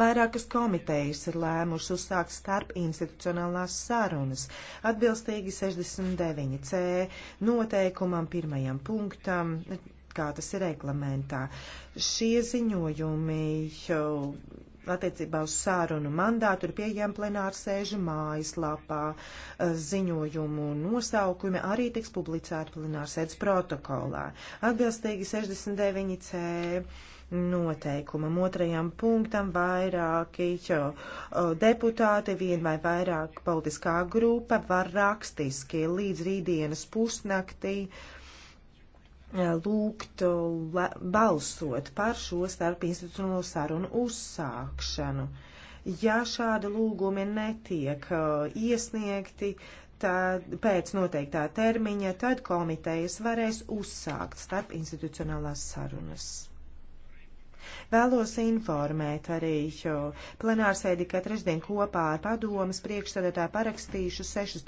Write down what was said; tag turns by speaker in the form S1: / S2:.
S1: Vairākas komitejas ir lēmuši uzsākt starp institucionālās sarunas, atbilstīgi 69c noteikumam pirmajam punktam, kā tas ir reglamentā. Šie ziņojumi jau attiecībā uz sārunu mandātu ir pieejama plenāra sēžu mājaslapā. Eh, ziņojumu nosaukumi arī tiks publicēti plenāra sēdes protokolā. Atbilstīgi 69C noteikumam otrajam punktam vairāki jo, eh, deputāti, vien vai vairāk politiskā grupa var rakstiski līdz rītdienas pusnaktī Eh, lūgt balsot par šo starpinstitucionālo sarunu uzsākšanu. Ja šādi lūgumi netiek eh, iesniegti tad, pēc noteiktā termiņa, tad komitejas varēs uzsākt starpinstitucionālās sarunas. Vēlos informēt arī, jo eh, plenārsēdi, ka trešdien kopā ar padomas priekšstādātā parakstīšu sešus